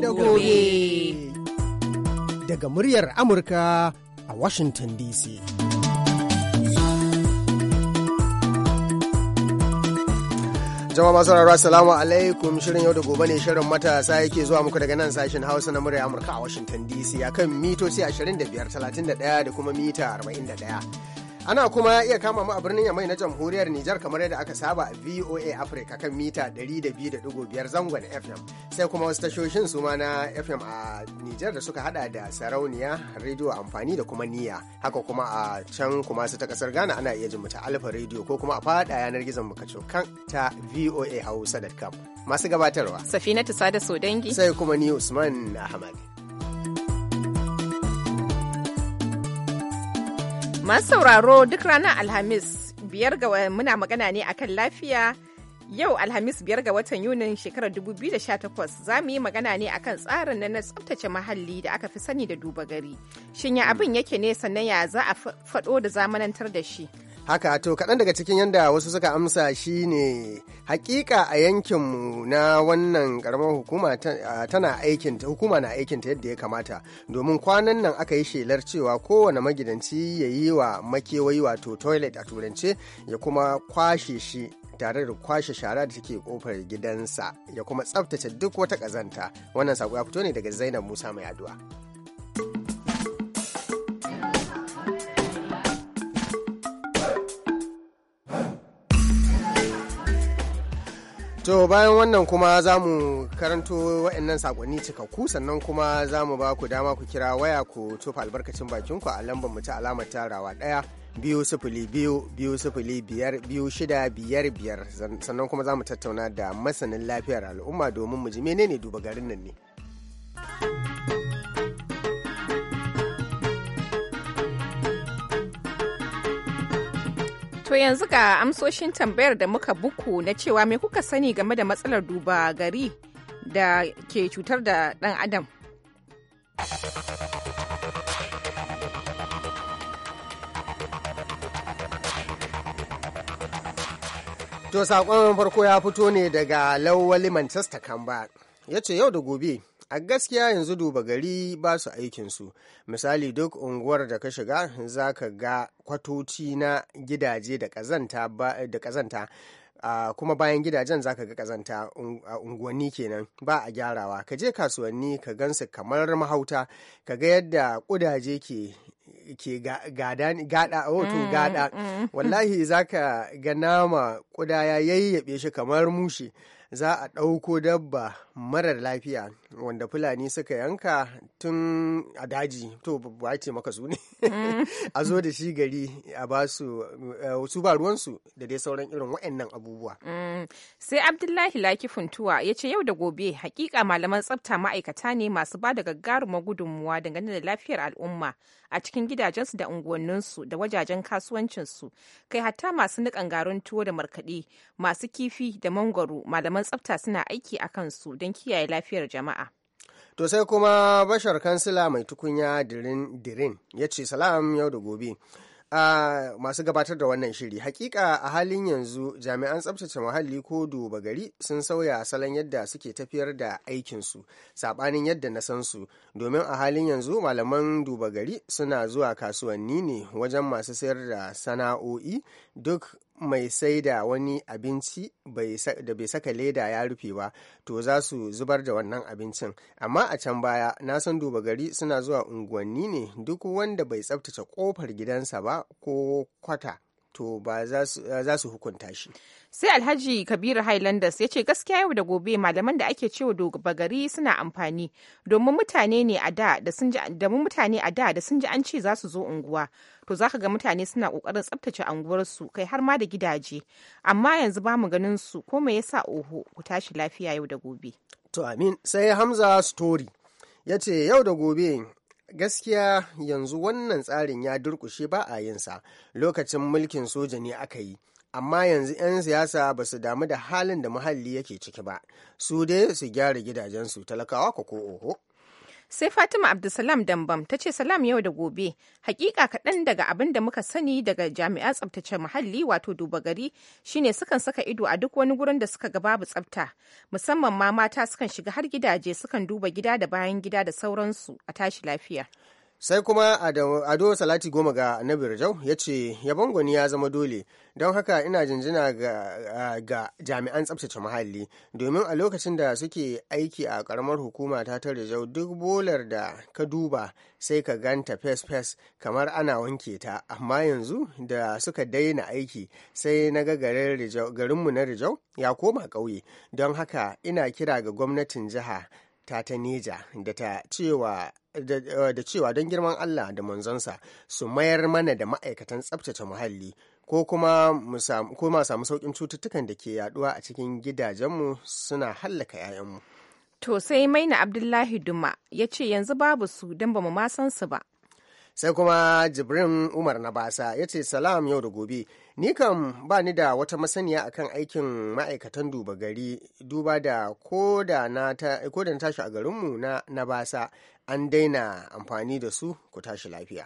da gobe. Daga muryar Amurka a Washington DC. Jama'a masu rarra salamu alaikum shirin yau da gobe ne shirin matasa yake zuwa muku daga nan sashen Hausa na murya Amurka a Washington DC akan mitoci 25, 31 da kuma mita 41. Ana kuma iya kama mu a birnin Yamai na Jamhuriyar Nijar kamar yadda aka saba a VOA Africa kan mita 102.5 zangon FM. Sai kuma wasu tashoshin su ma na FM a Nijar da suka hada da Sarauniya, Rediyo Amfani da kuma Niyya. Haka kuma a can kuma su ta kasar Ghana ana iya jin mu ta Alfa Radio ko kuma a fada yanar gizon mu kaco kan ta VOA Hausa.com. Masu gabatarwa. Safinatu Sada Sodangi. Sai kuma ni Usman Ahmad. Masu sauraro duk ranar Alhamis biyar ga muna magana ne akan lafiya Yau Alhamis biyar ga watan Yunin shekarar 2018 za mu yi magana ne akan tsarin na tsabtace muhalli da aka fi sani da duba gari. Shin ya abin yake ne sannan ya za a faɗo da zamanantar da shi? Haka to kaɗan daga cikin yadda wasu suka amsa shine hakika a yankinmu na wannan karamar hukuma tana aikin hukuma na aikinta yadda ya kamata domin kwanan nan aka yi shelar cewa kowane magidanci ya yi wa makewayi wato toilet a turance ya kuma kwashe shi tare da kwashe shara da take kofar gidansa ya kuma tsaftace duk wata ƙazanta wannan saƙo ya fito ne daga zainab musa mai addu'a. To bayan wannan kuma za mu karanto waɗannan sakonni cikakku sannan kuma za mu ba ku dama ku kira waya ku tofa albarkacin bakin ku a lambar mu ta alamar tarawa ɗaya biyu sifili biyu biyu sifili biyar biyu shida biyar biyar sannan kuma za mu tattauna da masanin lafiyar al'umma domin mu ji menene duba garin nan ne. To yanzu ga amsoshin tambayar da muka buku na cewa mai kuka sani game da matsalar duba gari da ke cutar da dan adam. To saƙon farko ya fito ne daga Lawali Manchester Kamba. Ya ce yau da gobe a gaskiya yanzu duba gari ba su aikinsu misali duk unguwar da ka shiga za ka ga kwatoci na gidaje da kazanta Uh, kuma bayan gidajen za ka ga kazanta a unguwanni kenan ba a gyarawa ka je kasuwanni ka gansu kamar mahauta ka ga yadda kudaje ke ke gada wato gada oh, mm, mm. wallahi zaka ga nama kuda ya yayyabe shi kamar mushi za a ɗauko dabba marar lafiya wanda fulani suka yanka tun a daji to ba ce maka su ne mm. a zo da shi gari a ba eh, su ba ruwansu da dai sauran irin waɗannan abubuwa mm. sai abdullahi laki funtuwa ya ce yau da gobe hakika malaman tsafta ma'aikata ne masu ba da gaggarumar gudunmuwa dangane da lafiyar al'umma a cikin gidajensu da unguwanninsu da wajajen kasuwancinsu kai hatta masu niƙan garin tuwo da markaɗe masu kifi da mangwaro malaman tsafta suna aiki a kansu don kiyaye lafiyar jama'a. To sai kuma bashar kansila mai tukunya dirin dirin ya ce salam yau da gobe. a masu gabatar da wannan shiri hakika a halin yanzu jami'an tsabtace muhalli ko duba gari sun sauya salon yadda suke tafiyar da aikinsu saɓanin yadda na san su domin a halin yanzu malaman duba gari suna zuwa kasuwanni ne wajen masu sayar da sana'o'i duk mai sai da wani abinci da bai saka leda ya rufe ba to za su zubar da wannan abincin amma a can baya na san duba gari suna zuwa unguwanni ne duk wanda bai tsabtace kofar gidansa ba ko kwata to ba eh, za su hukunta shi. Sai Alhaji Kabiru Highlanders ya ce gaskiya yau da gobe malaman da ake cewa dogaba gari suna amfani domin mutane ne a da da sun ji mutane a da da sun ji an ce za su zo unguwa to zaka ga mutane suna kokarin tsaftace unguwarsu kai har ma da gidaje amma yanzu ba mu ganin su ko me yasa oho ku tashi lafiya yau da gobe. To amin sai Hamza Story yace yau da gobe gaskiya yanzu wannan tsarin ya durkushe ba a yinsa lokacin mulkin soja ne aka yi amma yanzu 'yan siyasa ba su damu da halin da muhalli yake ciki ba su dai su gyara gidajensu talakawa ko oho sai fatima abdulsalam dambam ta ce salam yau da gobe hakika kaɗan daga abin da muka sani daga jami'a tsabtace muhalli wato duba gari shine sukan saka ido a duk wani gurin da suka ga babu tsabta musamman ma mata sukan shiga har gidaje sukan duba gida da bayan gida da sauransu a tashi lafiya sai kuma ado salati goma ga annabi rajau ya ce yabon gwani ya zama dole don haka ina jinjina ga, jami'an tsabtace muhalli domin a lokacin da suke aiki a karamar hukuma ta ta rajau duk bolar da ka duba sai ka ganta fes-fes kamar ana wanke ta amma yanzu da suka daina aiki sai na ga garinmu na rajau ya koma ƙauye don haka ina kira ga gwamnatin jiha ta ta neja da ta cewa Eh, da cewa don girman Allah da manzonsa su mayar mana da ma'aikatan tsabtace muhalli ko kuma samu saukin cututtukan da ke yaduwa a cikin gidajenmu suna hallaka 'ya'yanmu. To sai maina Abdullahi Duma ya ce yanzu babu su don ba mu san su ba. sai kuma jibrin umar na basa ya ce salam yau da gobe ni kam ba ni da wata masaniya akan aikin ma'aikatan duba gari duba da ko da na tashi a garinmu na basa an daina amfani da su ku tashi lafiya.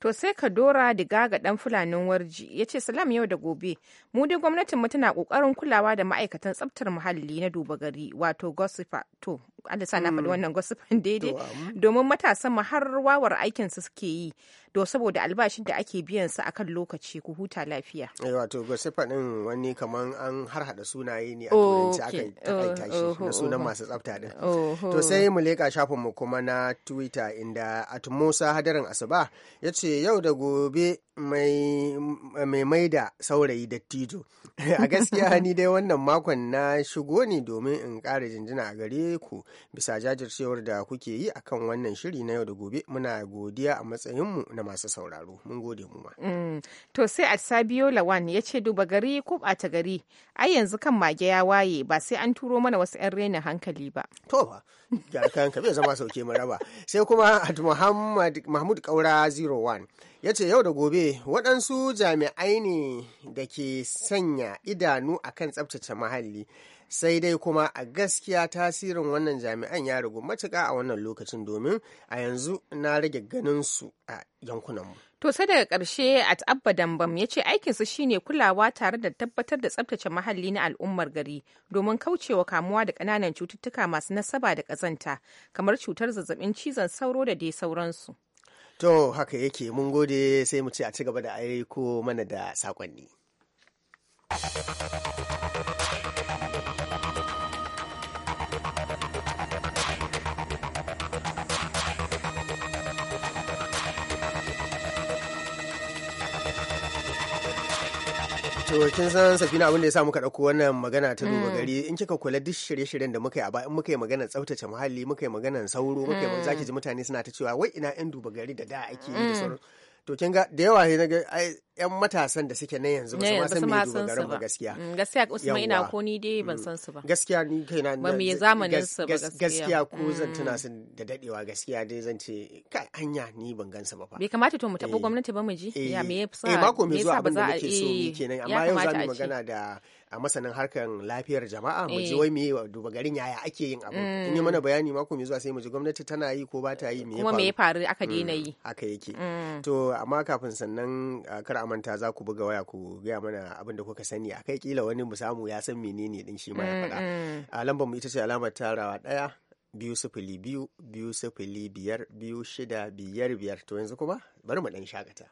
To sai ka dora diga ga ɗan fulanin warji ya ce salam yau da gobe mu dai gwamnatinmu tana kokarin kulawa da ma'aikatan tsaftar muhalli na duba gari wato gossip to Allah sa na faɗi mm. wannan gossip daidai um. domin matasan mu har wawar aikin su suke yi do saboda albashin da ake biyan su akan lokaci ku huta lafiya eh wato gossip din wani kaman an har hada sunaye ne a turanci aka takaita shi na oh, oh, sunan oh, masu tsafta din to sai mu leka shafin mu kuma na Twitter inda musa Hadarin Asuba yace yau da gobe mai mai da saurayi dattijo a gaskiya ni dai wannan makon na shigo ne domin in kara jinjina a gare ku bisa jajircewar da kuke yi akan wannan shiri na yau da gobe muna godiya a matsayinmu na masu sauraro mun gode mu ma mm. to sai a sabiyo lawan ya ce duba gari ko ɓata gari ai yanzu kan mage ya waye ba sai an turo mana wasu 'yan rena hankali ba to ba ga ka bai zama sauke mu raba sai kuma at muhammad mahmud kaura 01 ya ce yau da gobe waɗansu jami'ai ne da ke sanya idanu a kan tsabtace mahalli sai dai kuma a gaskiya tasirin wannan jami'an ya rigu matuka a wannan lokacin domin a yanzu na rage ganin su a yankunanmu. To sai daga ƙarshe a ta'abba dambam ya ce aikinsu shine kulawa tare da tabbatar da tsabtace mahalli na al'ummar gari domin kaucewa kamuwa da ƙananan cututtuka masu nasaba da ƙazanta kamar cutar zazzabin cizon sauro da dai sauransu. To haka yake mun gode sai mu ce a ci gaba da aiko mana da saƙonni. to kin san safina abin da ya sa muka ɗauko wannan magana ta duba mm. gari in kika kula duk shirye-shiryen da muka yi a bayan in muka yi magana tsaftace muhalli muka yi magana sauro muka yi zaki mm. ji mutane suna ta cewa wai ina yan duba gari da da ake yi da mm. sauro to kin ga da yawa ne ga 'yan matasan da suke na yanzu ba su san me garin ba gaskiya mm, gaskiya usman ina ko ni dai ban mm. san su ba gaskiya ni kaina ba me zamanin su ba gaskiya Gaskiya ko zan tuna mm. su da dadewa gaskiya dai zan ce kai anya ni ban gan gansa ba fa bai kamata to mu tabo eh. gwamnati ba mu ji ya eh. me yasa eh mako me zuwa abin da muke so eh, ni kenan amma yau za magana da a masanin harkar lafiyar jama'a mu ji wai meye duba garin yaya ake yin abu in yi mana bayani mako mai zuwa sai mu ji gwamnati tana yi ko ba ta yi me ya faru kuma me ya faru aka daina yi haka yake to amma kafin sannan kar a manta za ku buga waya ku gaya mana abin da kuka sani akai kila wani mu samu ya san menene din shi ma ya faɗa mm, mm. a lambar mu ita ce alamar tarawa ɗaya biyu sifili biyu biyu sifili biyar biyu shida biyar biyar to yanzu kuma bari mu ɗan shakata.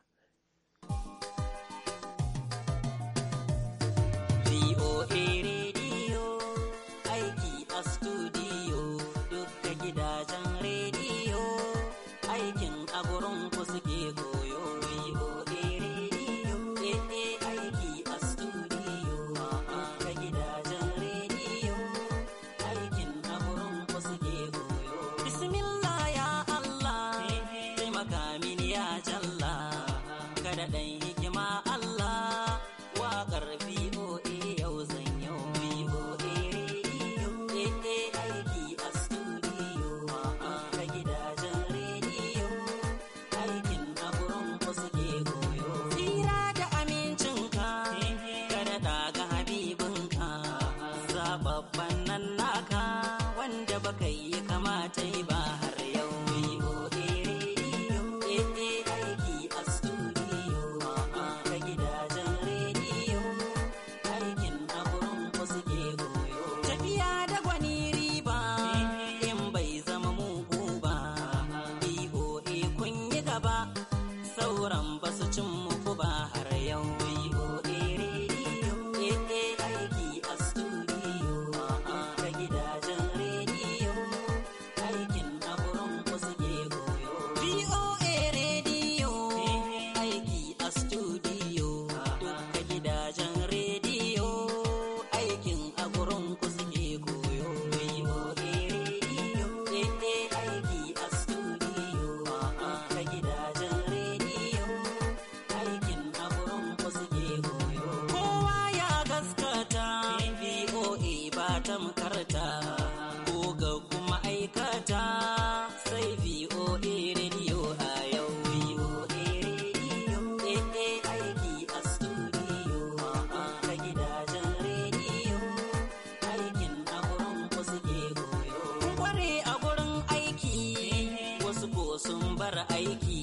aiki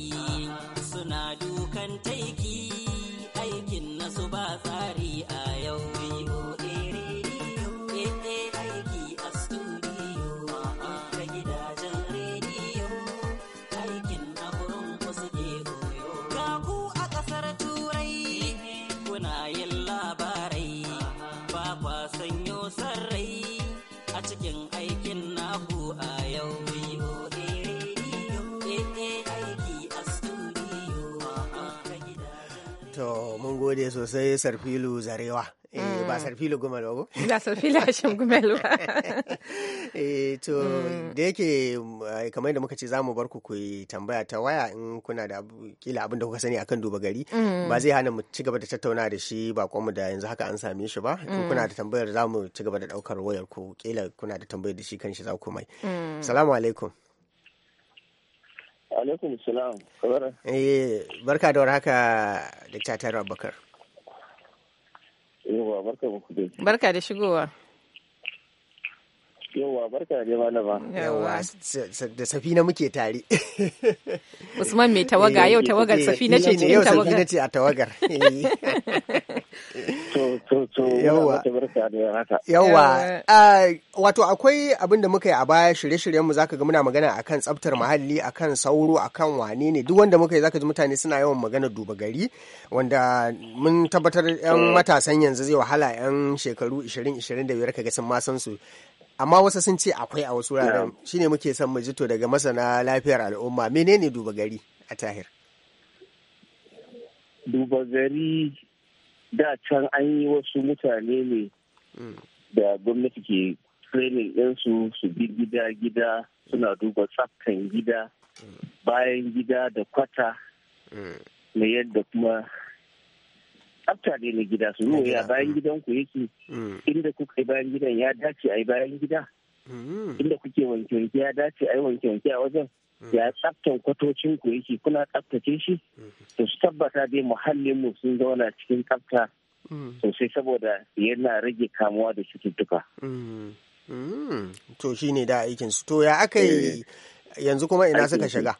suna dukan taiki aikin nasu ba tsari gode sosai sarfilu zarewa eh, Mm. ba sarfilu gumel ba ba sarfilu hashim gumel ba eh, to mm. da yake eh, kamar da muka ce za mu bar ku kuyi tambaya ta waya in kuna da kila abin da kuka sani akan duba gari mm. ba zai hana mu ci gaba da tattauna da shi ba mu da yanzu haka an same shi ba in mm. kuna da tambayar za mu ci gaba da daukar wayar ku kila kuna da tambayar da shi kan shi za ku mai salamu alaikum alaikum salam eh barka da warhaka da tatar abubakar Yawa barka ku dai. Barka da shigowa. Yawwa barka da malama. Yawwa da safina muke tare. Usman mai tawaga eh, yau tawagar eh, safina ce cikin tawagar. Yau safina ce a tawagar. Eh. Yawwa. Yawwa. Ah, wato akwai abin da muka yi a baya shirye-shiryenmu ka ga muna magana akan tsaftar muhalli akan sauro akan wane ne duk wanda muka yi ka ji mutane suna yawan magana duba gari wanda mun tabbatar yan mm. matasan yanzu zai wahala yan shekaru 20 25 ga sun ma san su amma wasu sun ce akwai a wasu wuraren shine muke son mu jito daga masana lafiyar al'umma menene duba gari a tahir duba gari da can an yi wasu mutane ne hmm. da gwamnati ke training ɗinsu su bi gida-gida suna duba tsaftan gida hmm. bayan gida da kwata hmm. na yadda kuma tsafta ne na gida su yi ya bayan gidan ku yake mm. inda kuka yi bayan gidan ya dace a yi bayan gida mm. inda kuke wanke wanke ya dace a yi wanke wanke a wajen mm. ya tsaftan kwatocin ku yake kuna tsaftace shi to su tabbata dai muhallin mu sun zauna cikin tsafta sosai saboda yana rage kamuwa da cututtuka. To shi ne da aikin su to ya aka yi eh. yanzu kuma ina suka shiga.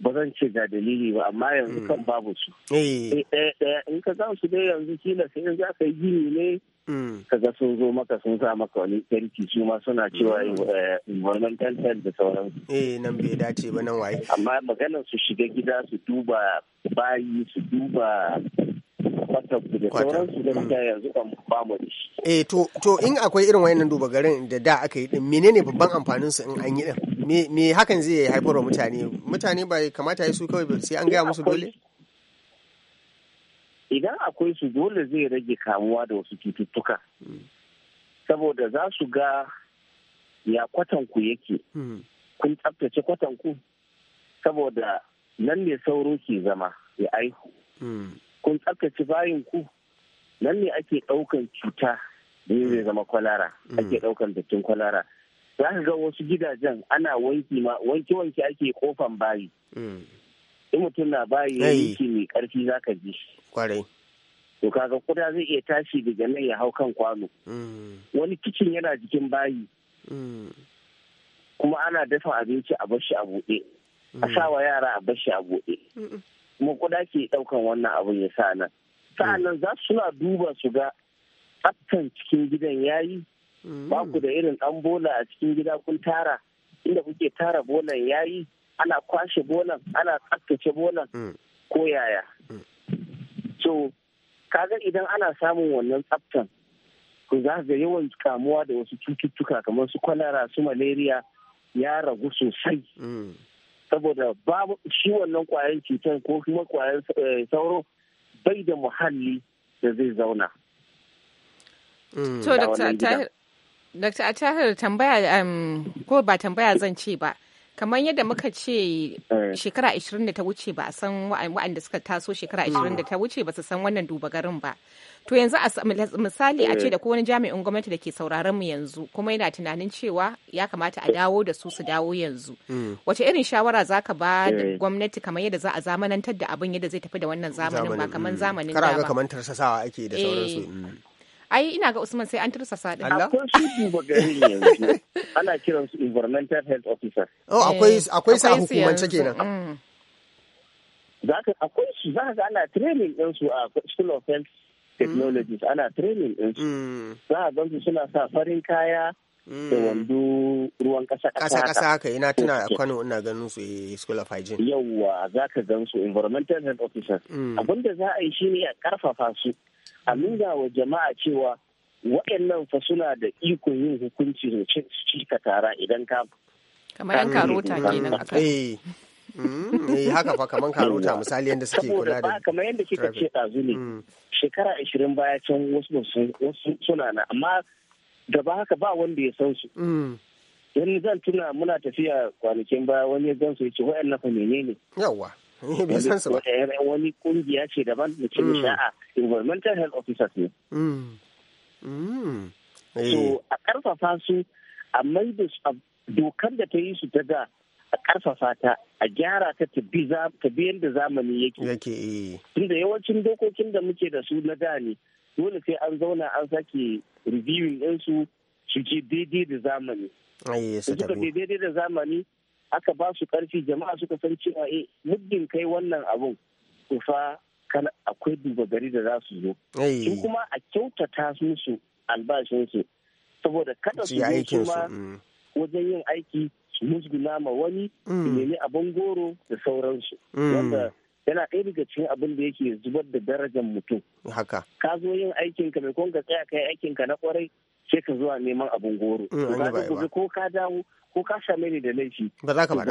ba zan ce ga dalili ba amma yanzu mm. kan babu su. Eh. In ka za su dai yanzu kila sai in za ka yi gini ne mm. ka ga sun zo maka sun sa maka wani tarki su ma suna cewa mm. eh, environmental health da sauransu. Eh nan bai dace ba nan waye. Amma maganar su shiga gida su duba bayi su duba kwatanku da yanzu bamu Eh to in akwai irin wayannan duba garin da da aka yi din menene babban amfanin su in an yi din? me hakan zai haifar wa mutane mutane ba kamata ya su kawai sai an gaya musu dole idan akwai su dole zai rage kamuwa da wasu cututtuka hmm. saboda za su ga ya kwatanku yake hmm. kun tsabtace kwatanku saboda nan ne sauro ke zama ya aihu hmm. kun tsabtace bayinku nan ne ake ɗaukan cuta da zai zama kwalara ake ɗaukan dattin kwalara za ka ga wasu gidajen ana wanki ma wanki wanki ake kofan bayi hmm. in mutum na bayi ya yi mai karfi za ka ji kwarai to kaga kuda zai iya tashi daga nan ya hau kan kwano hmm. wani kicin yana jikin bayi hmm. kuma ana dafa abinci a bashi a buɗe a sawa yara a bashi a buɗe kuma kuda ke ɗaukan wannan abin ya sa nan sa'annan za su suna duba su ga tsaftan cikin gidan yayi ba ku da irin ɗan bola a cikin gida kun tara inda kuke tara bolan yayi ana kwashe bolan ana tsaftace bolan mm. ko yaya so kaga idan ana samun wannan tsaftan ku za ga yawan kamuwa da wasu cututtuka kamar su kwalara su malaria ya ragu sosai mm. saboda babu shi wannan kwayan cutar ko kuma kwayan eh, sauro bai da muhalli da zai zauna. Mm. To, Dr. Dr. Atahar tambaya um, ko ba tambaya zan ce ba. kamar yadda muka ce eh. shekara 20 da ta wuce ba a san wa'anda suka taso shekara 20 mm. da ta wuce ba su san wannan duba garin ba to yanzu misali a ce eh. da wani jami'in gwamnati da ke sauraron mu yanzu kuma yana tunanin cewa ya kamata a dawo da su su dawo yanzu mm. wace irin shawara za ka ba eh. gwamnati kamar yadda za a zamanantar da abin yadda zai tafi da wannan zamanin ba kamar mm. zamanin da ba ga sa, tarsasawa ake da sauransu ai ina ga Usman sai an sa din Allah akwai su duba garin yanzu ana kiran su environmental health officer oh akwai akwai sa hukumance kenan zaka akwai su mm. zaka ga ana training din su a school of health technologies mm. ana training din su mm. za a gansu suna sa farin kaya da wando ruwan kasa kasa kasa haka ina tuna a Kano ina ganin su eh, school of hygiene yawwa zaka gan su environmental health officers abinda za a yi shine a karfafa su a nuna wa jama'a cewa waɗannan fa suna da ikon yin hukunci su ci ka tara idan ka kamar yan karota kenan aka eh mm, eh haka fa kamar karota misali yanda suke kula da kamar yadda kika ce dazu ne mm. shekara 20 baya can wasu wasu suna na amma da ba haka ba wanda ya san su mm. yanzu zan tuna muna tafiya kwanakin baya wani ya gan su ya ce waɗannan fa menene yawa bai eh, su ba eh, wani kungiya ce daban da ce mishi mm. a environmental health officers ne so mm. mm. eh. a karfafa su a maida dokar da ta yi su ta ga a karfafa ta a gyara ta ta bi yadda zamani yake tunda yawancin dokokin da muke da su na da ne dole sai an zauna an sake reviewing ɗinsu su je daidai da zamani su daidai da zamani aka ba su karfi jama'a suka san cewa eh muddin kai wannan abun to fa kana akwai duba gari da za su zo in kuma a kyautata musu albashinsu saboda kada su yi kuma mm. wajen yin aiki su musguna ma wani su mm. nemi abin goro da sauransu mm. yana ɗaya daga cikin abin da yake zubar da darajar mutum haka ka zo yin aikinka mai kon ka tsaya kai aikinka na kwarai sai ka zuwa neman abin goro. Mm, ko ka dawo ko ka same ni da laifi. Ba za ka ba.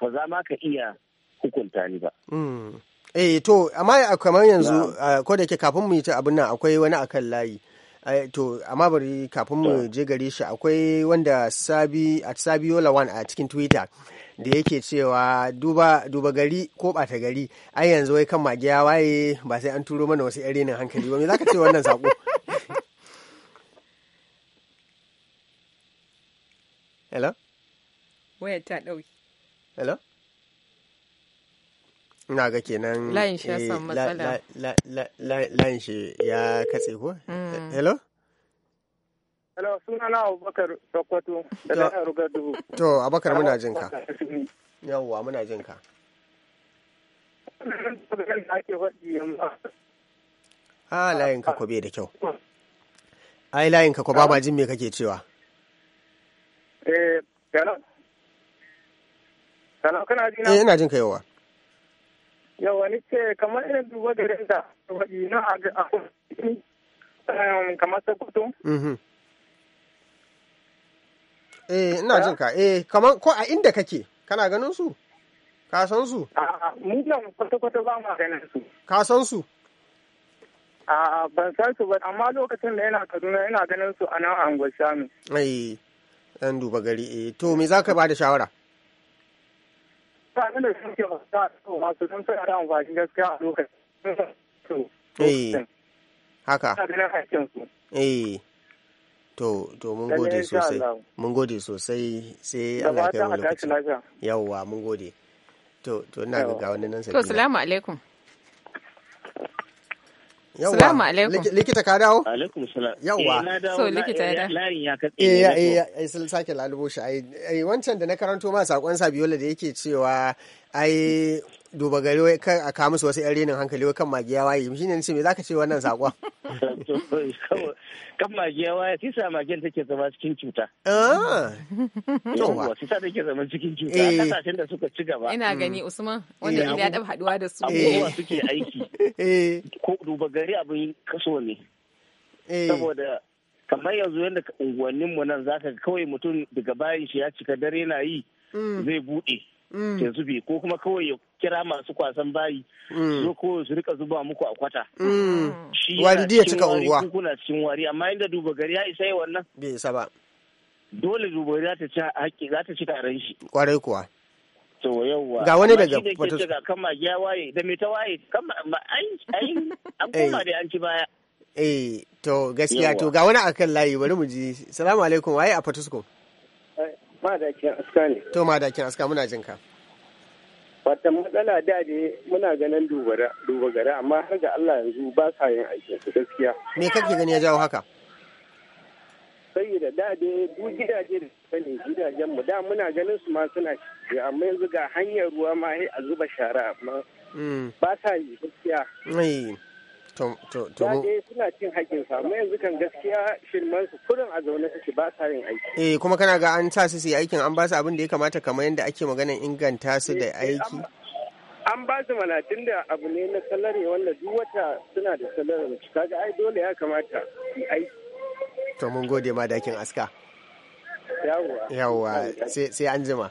Ba za ma ka iya hukunta ni ba. Mm. Eh to amma kamar yanzu ko da ke kafin mu yi ta abin nan akwai wani akan layi. Eh, to amma bari kafin mu je gare shi akwai wanda sabi at lawan a cikin twitter da yake cewa duba duba gari ko bata gari ai yanzu wai kan magiya waye ba sai an turo mana wasu yare hankali ba me zaka ce wannan sako hello Waya ta ɗauki hello Na ga kenan layin shi ya eh, samu matsala layin shi ya katse ko hmm. hello hello suna na abubakar sokoto da na rugar dubu to abubakar muna jin ka yawwa muna jin ka a layin ka ko bai da kyau ai layin ka ko ba ma jin me kake cewa Eh, Salam kana na? Eh, ina jin ka yawa. Yawa ni ce kamar irin duba da da waje na a um, kamar Sokoto. Mm-hmm. Eh, ina jin ka. Eh, kamar ko a inda kake, kana ganin su? Ka san su? A'a, mu nan kwata-kwata ba ma ganin su. Ka san su? A'a, ban san su ba, amma lokacin da yana Kaduna yana ganin su a nan a Angol Shami. Eh. dan duba gari eh to me za ka ba da shawara eh, haka eh to to mun gode sosai mun gode sosai sai Allah ya kai mu lokaci yawa mun gode to to ina ga wani nan sai to assalamu alaikum Yawwa. Salamu alaikum. Likita ka dawo? Alaikum salam. Yawwa. Eh, so likita ya dawo. Layin ya katse. Eh ya eh ya eh, sun sake lalubo shi ai wancan da na karanto ma sakon Sabiola da yake cewa ai duba gari wai kan a kawo musu wasu 'yan renin hankali wai kan magiya waye shi ne ce me zaka ce wannan sakon kan magiya waye shi sa magiyan take zama cikin cuta ah! yawa shi sa take zama cikin cuta eh. kasashen da suka ci gaba ina gani mm. usman wanda eh, ya daba haduwa da su abubuwa eh. suke aiki ko duba gari abin kaso ne saboda kamar yanzu yadda unguwanninmu nan zaka kawai mutum daga bayan shi ya cika dare na yi mm. zai bude ke mm. zubi ko kuma kawai ya kira masu kwasan bayi mm. zo ko su rika zuba muku a kwata mm. shi ya cika unguwa kuna cikin wari amma inda duba gari ya isa wannan bai isa ba dole duba gari ta ci haƙƙi za ta ci taron shi kwarai kuwa to yawwa ga wani daga wata daga kan magiya waye da me ta waye kan ai an eh. koma da an ci baya eh to gaskiya to ga wani akan layi bari mu ji salamu alaikum waye a fatusko Madakin aska ne. To madakin aska muna jin ka. Wata matsala da ne muna ganin duba gara amma har ga Allah yanzu ba sa yin aikin su gaskiya. Me kake gani ya jawo haka? Saboda da ne duk gidaje da ne gidajen mu da muna ganin su ma suna shi amma yanzu ga hanyar ruwa ma a zuba shara amma mm. ba sa yi gaskiya. Yaje suna cin haƙƙin amma yanzu kan gaskiya shirman su kurin a zaune suke ba sa yin aiki. Eh kuma kana ga an sa su su yi aikin an ba su abin da ya kamata kamar yadda ake maganar inganta su da eh, eh, aiki. An ba su malatin da abu ne na salari wanda duk wata suna da salari kaga ai dole ya kamata su aiki. To mun gode ma dakin aska. Yawwa. Yawwa sai an jima.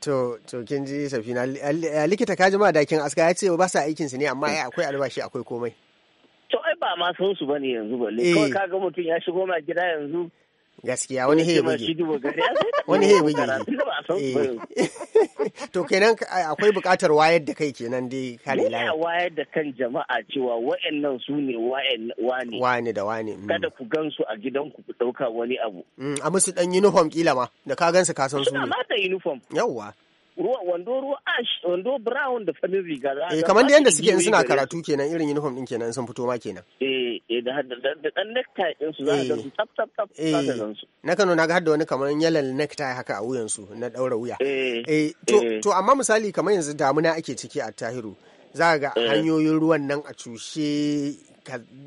To, to kin ji safina likita ka jima dakin aska ya ce ba sa aikinsu ne amma akwai albashi akwai komai. ba ma san su bane yanzu balle eh. kawai kaga mutum ya shigo ma gida yanzu gaskiya wani he buge wani he buge eh. to kenan akwai bukatar wayar da kai kenan dai kare lafiya ne wayar da kan jama'a cewa wayannan su ne wani wani da wani mm. kada ku gansu a gidan ku dauka wani abu mm, a musu dan uniform kila ma da ka gansu ka san su ne ma da uniform yawwa ruwa wando ruwa ash wando brown da fannin riga eh kamar da yanda suke in suna karatu kenan irin uniform din kenan sun fito ma kenan eh eh da dan necktie din su za a gansu eh. tap tap tap za ka eh, gansu na Kano na ga hadda wani kamar yalal necktie haka a wuyan su na daura wuya eh, eh to to amma misali kamar yanzu damuna ake ciki a Tahiru za ga hanyoyin ruwan nan a cushe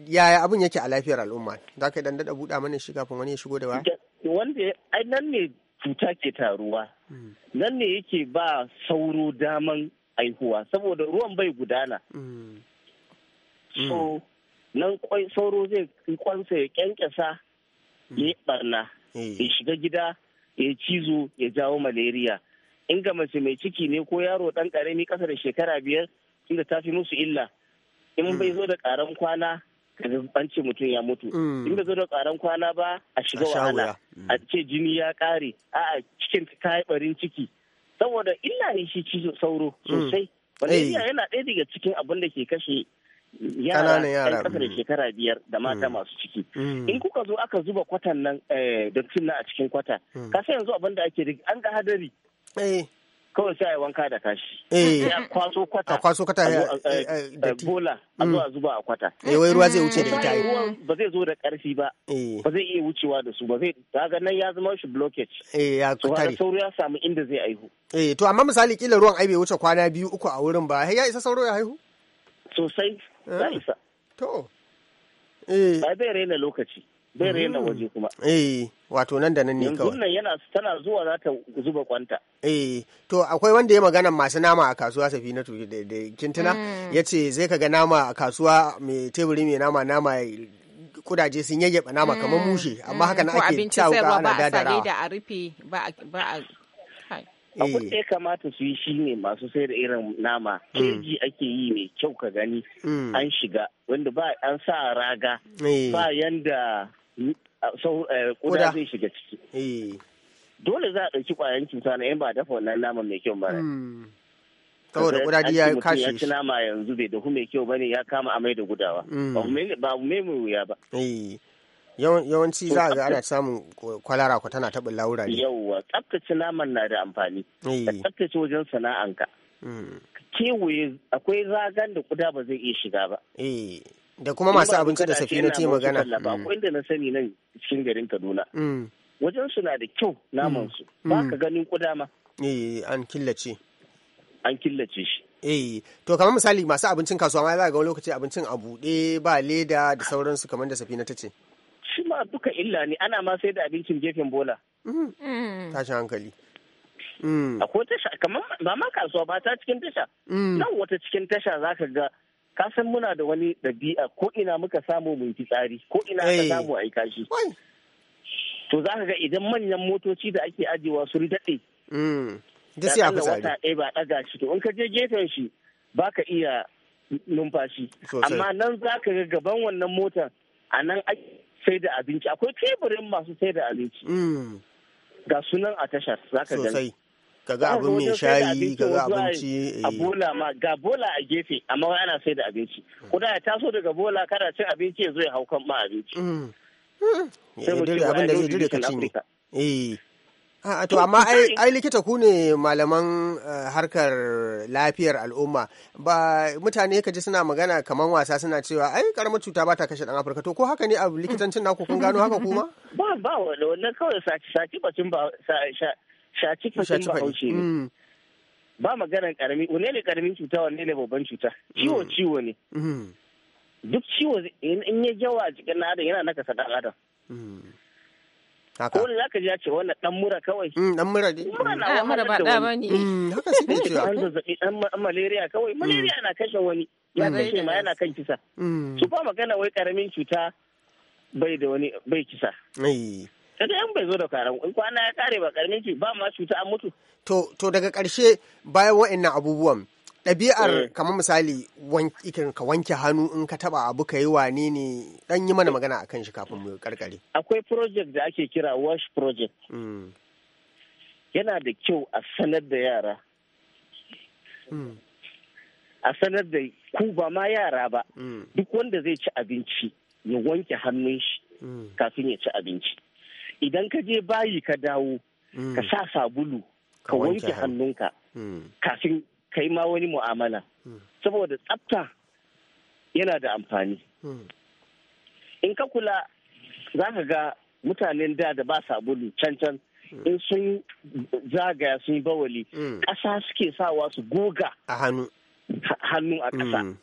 yaya abin yake a lafiyar al'umma za ka dan dada buɗa mana shi kafin wani ya shigo da ba wanda ai nan ne cuta ke taruwa nan ne yake ba sauro daman aihuwa saboda ruwan bai gudana so nan sauro zai kwansa ya kyankyasa ya yi barna ya shiga gida ya cizo ya jawo malaria in ga mace mai ciki ne ko yaro dan karami kasa da shekara biyar inda ta fi musu illa in bai zo da karan kwana an ce mutum ya mutu mm. in da zo da tsaron kwana ba a shiga wahala mm. a ce jini ya kare a a cikin ta yi barin ciki saboda illa ne shi cizo sauro mm. sosai iya yana ɗaya daga cikin abin da ke kashe yara ƴan ƙasa da shekara biyar da mata masu ciki in kuka zo aka zuba kwatan nan eh, da nan a cikin kwata ka yanzu abin da ake an ga hadari eh. kawai sai a yi wanka da kashi. Eh. A Ya kwaso kwata. A kwaso kwata. Eh, eh, bola. A zuwa zuba a kwata. Eh wai ruwa zai wuce da ita. Ruwan ba zai zo da ƙarfi ba. Ba zai iya wucewa da su ba zai daga nan ya zama shi blockage. Eh ya tare. sauro ya samu inda zai aihu. Eh to amma misali kila ruwan ai bai wuce kwana biyu uku a wurin ba. Ya isa sauro ya haihu? Sosai. Ya ah. isa. To. Eh. Ba zai raina lokaci. bai rena hmm. waje kuma eh wato nan da nan ne kawai yanzu yana tana zuwa za ta zuba kwanta eh to akwai wanda ya magana masu nama a kasuwa safi na da kintuna hmm. yace zai kaga nama a kasuwa mai teburi mai nama nama kudaje sun yayyaba nama kamar hmm. mushe amma haka na ake cewa ana dadarawa ba a rufe ba a abin eh. da ya kamata su yi shine masu sayar da irin nama keji ake yi mai kyau ka gani an shiga wanda ba an sa raga eh. ba yanda Eh, kuda zai shiga ciki eh. dole za a ɗauki ƙwayan cuta na yan ba dafa wannan naman mai kyau ba hmm. saboda kuda ji ya kashe ya ci nama yanzu bai dahu mai kyau bane ya kama amai da gudawa hmm. ba mu mai wuya ba eh. yawanci za a ga ana samun kwalara ko tana taɓin laura ne yawwa tsaftace naman na da amfani ka tsaftace wajen sana'anka hmm. kewaye akwai ragan da kuda ba zai iya shiga ba da kuma masu abinci da safina ta magana Ba mm. akwai da na sani nan cikin garin kaduna mm. wajen su na da kyau naman su mm. ba ka ganin kuda ma eh an killace an killace shi eh to kamar misali masu abincin kasuwa ma za ga wani lokaci abincin a buɗe ba leda da sauransu kamar da safina ta ce shi ma duka illa ne ana ma sai da abincin gefen bola tashin hankali akwai tasha kamar ba ma kasuwa ba ta cikin tasha nan wata cikin tasha zaka ga ka san muna da wani ɗabi'a ko ina muka samu mu tsari, ko ina ka eh. samu a kashi to za ka ga idan manyan motoci da ake ajiyewa sun daɗe mm. da sai wata ɗaya ba ɗaga shi to in ka je gefen shi ba ka iya numfashi amma nan za ka ga gaban wannan motar a nan sai da abinci akwai teburin masu sai da abinci mm. ga sunan a tashar za ka gani ka ga abin mai shayi ka ga abinci eh. a bola ma ga bola a gefe amma wai ana sai da abinci kuda ya taso daga bola kana cin abinci ya zo ya hau kan ma abinci mm. eh, abin da zai dire ka cinye eh a to amma ai likita ku ne malaman eh, harkar lafiyar al'umma ba mutane ka ji suna magana kamar wasa suna cewa ai karamar cuta ba ta kashe dan afirka to ko haka ne a likitancin naku kun gano haka kuma ba ba wannan kawai saki saki bacin ba shaci fasin haushe ne mm. ba magana karami wane ne karamin cuta wane ne babban cuta ciwo mm. ciwo ne mm. duk ciwo in ya jawa a cikin na adam yana naka sadan adam ko za ka ji a ce wannan ɗan mura kawai Ɗan mura ne mura ah, ba da wani? haka su ne cewa dan zazzaɓi ɗan malaria kawai malaria na kashe wani ya kashe ma yana kan kisa su ba magana wai karamin cuta bai da wani bai kisa kaga yan bai zo da karan kwana ya kare ba karamin ci ba ma cuta an mutu to to daga karshe bayan wa'annan abubuwan ɗabi'ar eh. kamar misali ikin ka wanke hannu in ka taba abu ka yi wane ne dan yi mana magana akan shi kafin mu karkare akwai project da ake kira wash project hmm. yana da kyau a sanar da yara hmm. a sanar da ku ba ma yara ba hmm. duk wanda zai ci abinci ya wanke hannun shi kafin ya ci abinci idan ka je bayi ka dawo mm. ka sa sabulu ka wanke hannunka mm. kafin ka yi ma wani mu'amala mm. saboda tsafta yana da amfani in ka kula za ka ga mutanen da da ba sabulu can-can, in sun zagaya sun yi bawali ƙasa suke sawa su goga a hannu a ƙasa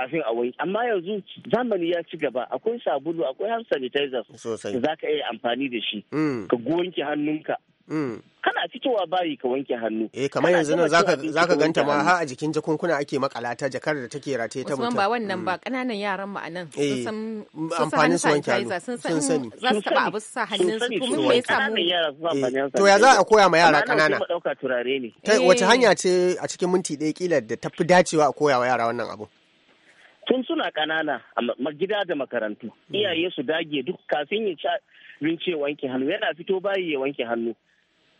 kafin a wanke amma yanzu zamani ya ci gaba akwai sabulu akwai hand sanitizer da za ka iya amfani da shi mm. ka wanke hannunka mm. kana fitowa bayi ka wanke hannu eh kamar yanzu nan zaka ganta ma har a jikin jakunkuna ake makala ta jakar da take rataye ta mutum ba wannan ba kananan mm. yaran mu anan eh, sun san amfanin su wanke hannu sun san za su taba abu sa hannun su kuma me yasa mu yara su eh, amfani to ya za a koya ma yara kanana ta turare ne wace eh. hanya ce a cikin minti ɗaya kila da tafi dacewa a koya wa yara wannan abu tun suna kanana, a gida da makarantu mm. iyaye su dage duk kafin ya ci rince ya wanke hannu yana fito bayi ya wanke hannu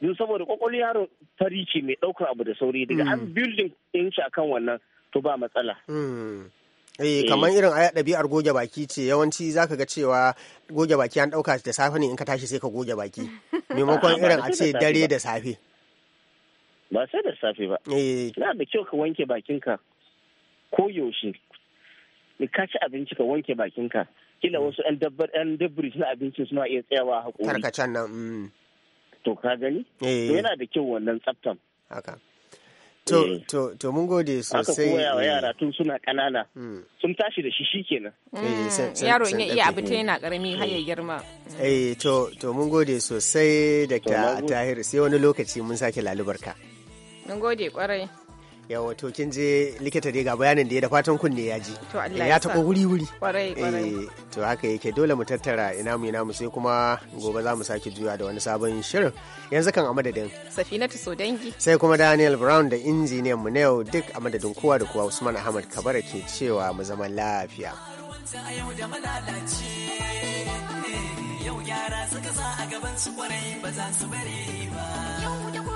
don saboda kwakwalwa yaro fari mai ɗaukar abu da sauri daga mm. an building din shi akan wannan to ba matsala. Mm. Eh, eh, kamar irin aya ɗabi'ar goge baki ce yawanci zaka ga cewa goge baki an ɗauka da safe ne in ka tashi sai ka goge baki maimakon irin a ce dare da safe. Ba sai da safe ba. Eh. Na da kyau ka wanke bakinka ko yaushe. ka ci abinci ka wanke bakinka kila wasu yan dabbar yan dabbari suna abincin suna iya tsayawa hakuri tarkacen nan mm. to ka gani eh. yana da kyau wannan tsaftan haka To, eh. to, to mun gode sosai. haka kuma mm. yara tun suna ƙanana. Mm. Sun tashi da shi shi kenan. Eh, Yaro in ya iya abu ta yana ƙarami har ya girma. Eh, to, to mun gode sosai Dr. Tahir sai wani lokaci mun sake lalubarka. Mun gode kwarai. yawa to kin je likita dai ga bayanin da ya da fatan kunne ya ji eh, ya taɓa wuri wuri to haka yake dole mu tattara ina mu ina mu sai kuma gobe za mu sake juya da wani sabon shirin yanzu kan a madadin safinatu so dangi. sai kuma daniel brown da injiniyan mu na yau duk a madadin kowa da kowa usman ahmad kabara ke cewa mu zama lafiya yau yara suka sa a gaban su kwarai ba za su bari ba